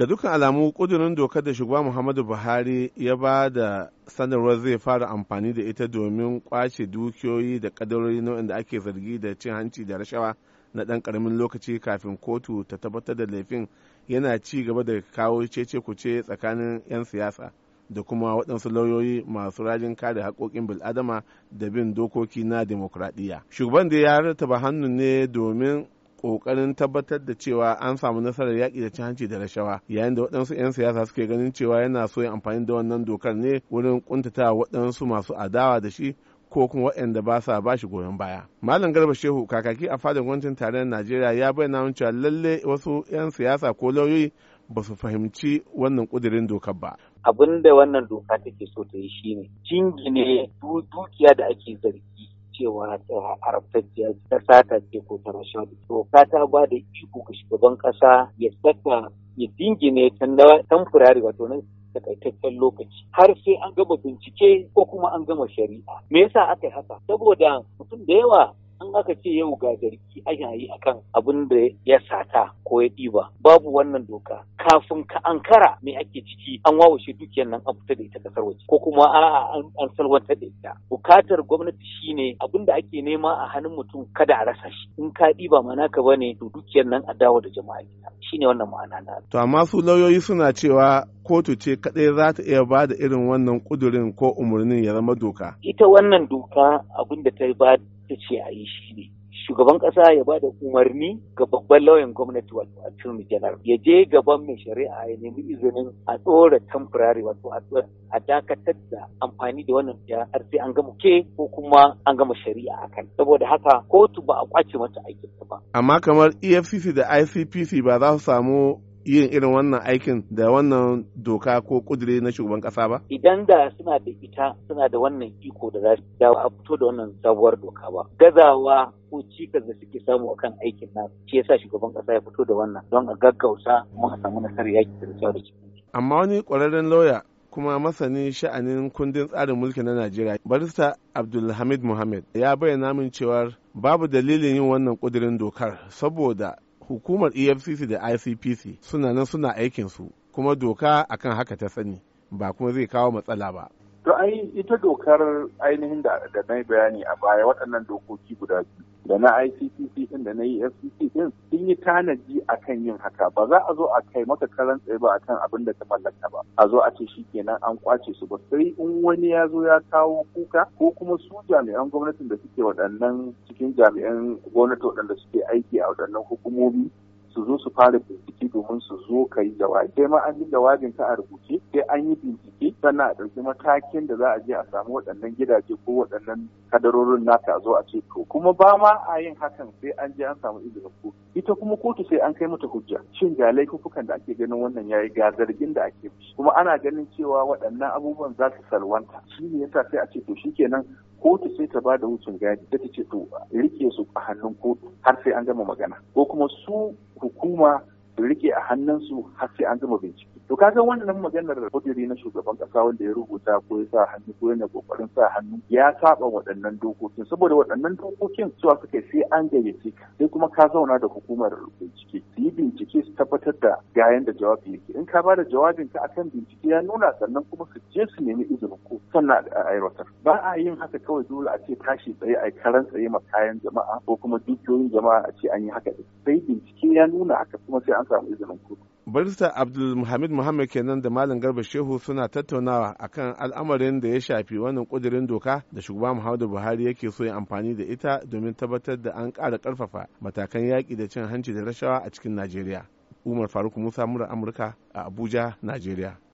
ga dukkan alamu kudurin dokar da shugaba muhammadu buhari ya ba da sanarwar zai fara amfani da ita domin kwace dukiyoyi da kadarori nau'in da ake zargi da cin hanci da rashawa na ɗan karamin lokaci kafin kotu ta tabbatar da laifin yana ci gaba da kawo cece kuce tsakanin 'yan siyasa da kuma waɗansu lauyoyi masu rajin kare haƙoƙin bil'adama da bin dokoki na demokradiyya shugaban da ya rataba hannu ne domin kokarin tabbatar da cewa an samu nasarar yaƙi da cin hanci da rashawa yayin da waɗansu 'yan siyasa suke ganin cewa yana so ya amfani da wannan dokar ne wurin kuntata waɗansu masu adawa da shi ko kuma waɗanda ba sa ba goyon baya. Malam Garba Shehu kakaki a fadin gwamnatin tarayyar Najeriya ya bayyana mun cewa lalle wasu 'yan siyasa ko lauyoyi ba su fahimci wannan kudirin dokar ba. Abin da wannan doka take so ta yi shine jingine dukiya da ake zargi cewa kasa ta sata ce ko ta to ka ta ba da iko ga shugaban kasa ya saka ya dingine tamfurari wato nan takaitaccen lokaci har sai an gama bincike ko kuma an gama shari'a. Me yasa aka yi haka? Saboda mutum da yawa An aka ce yau ga zargi ana yi kan abin da ya sata ko ya ɗiba babu wannan doka kafin ka ankara me ake ciki an wawashe dukiyar nan an fita da ita kasar waje ko kuma a'a an salwantar da ita bukatar gwamnati shine abin da ake nema a hannun mutum kada a rasa shi in ka ɗiba ma naka bane to dukiyar nan a dawo da jama'a shine wannan ma'ana na to amma su lauyoyi suna cewa kotu ce kadai za ta iya ba da irin wannan kudurin ko umarnin ya zama doka ita wannan doka abin da ta ba ta ce a yi shi ne shugaban ƙasa ya ba da umarni ga babban lauyan gwamnati wato attorney general ya je gaban mai shari'a ya nemi izinin a tsora temporary wato a dakatar da amfani da wannan ya har an gama ke ko kuma an gama shari'a a kan saboda haka kotu ba a kwace mata aikin ba amma kamar EFCC da ICPC ba za su samu yin irin wannan aikin da wannan doka ko kudure na shugaban kasa ba? Idan da suna da ita suna da wannan iko da za su dawo a fito da wannan sabuwar doka ba. Gazawa ko cikas da suke samu a kan aikin na shi yasa shugaban kasa ya fito da wannan don a gaggausa mu a samu nasarar yaki da rashawa da ciki. Amma wani ƙwararren lauya kuma masanin sha'anin kundin tsarin mulki na Najeriya barista Abdulhamid Muhammad ya bayyana min cewar babu dalilin yin wannan kudirin dokar saboda hukumar efcc da icpc suna nan suna aikinsu kuma doka akan haka ta sani ba kuma zai kawo matsala ba To ai ita dokar ainihin da na bayani a baya waɗannan dokoki guda biyu da na ICCC din da na EFCC din sun yi tanaji akan yin haka ba za a zo a kai maka karan tsaye ba akan abin da ta mallaka ba a zo a ce shi kenan an kwace su ba sai in wani ya zo ya kawo kuka ko kuma su jami'an gwamnatin da suke waɗannan cikin jami'an gwamnati waɗanda suke aiki a waɗannan hukumomi su zo su fara bincike domin su zo kai da jawabi kai ma an yi jawabin ka a rubuce sai an yi bincike sannan a ɗauki matakin da za a je a samu waɗannan gidaje ko waɗannan kadarorin nata a zo a ce to kuma ba ma a yin hakan sai an je an samu izinin kotu ita kuma kotu sai an kai mata hujja shin ga laifukan da ake ganin wannan yayi ga zargin da ake mishi kuma ana ganin cewa waɗannan abubuwan za su salwanta shi ne yasa sai a ce to shikenan kotu sai ta ba da wucin gadi ta ce to rike su a hannun kotu har sai an gama magana ko kuma su hukuma su rike a hannunsu har sai an gama bincike to ka san wannan maganar kudiri na shugaban kasa wanda ya rubuta ko ya sa hannu ko yana kokarin sa hannu ya saba waɗannan dokokin saboda waɗannan dokokin suwa suka sai an gayyace ka sai kuma ka zauna da hukumar bincike su yi bincike su tabbatar da gayan da jawabi yake in ka ba da jawabin ka akan bincike ya nuna sannan kuma su je su nemi izinin ko sannan a aiwatar ba a yin haka kawai dole a ce tashi tsaye a karan tsaye ma kayan jama'a ko kuma dukiyoyin jama'a a ce an yi haka sai bincike ya nuna haka kuma sai an samu izinin kotu. abdul muhammad muhammad kenan da malam garba shehu suna tattaunawa akan al'amarin da ya shafi wannan kudirin doka da shugaba muhammadu buhari yake so ya amfani da ita domin tabbatar da an ƙara ƙarfafa matakan yaƙi da cin hanci da rashawa a cikin najeriya umar faruk musa mura amurka a abuja najeriya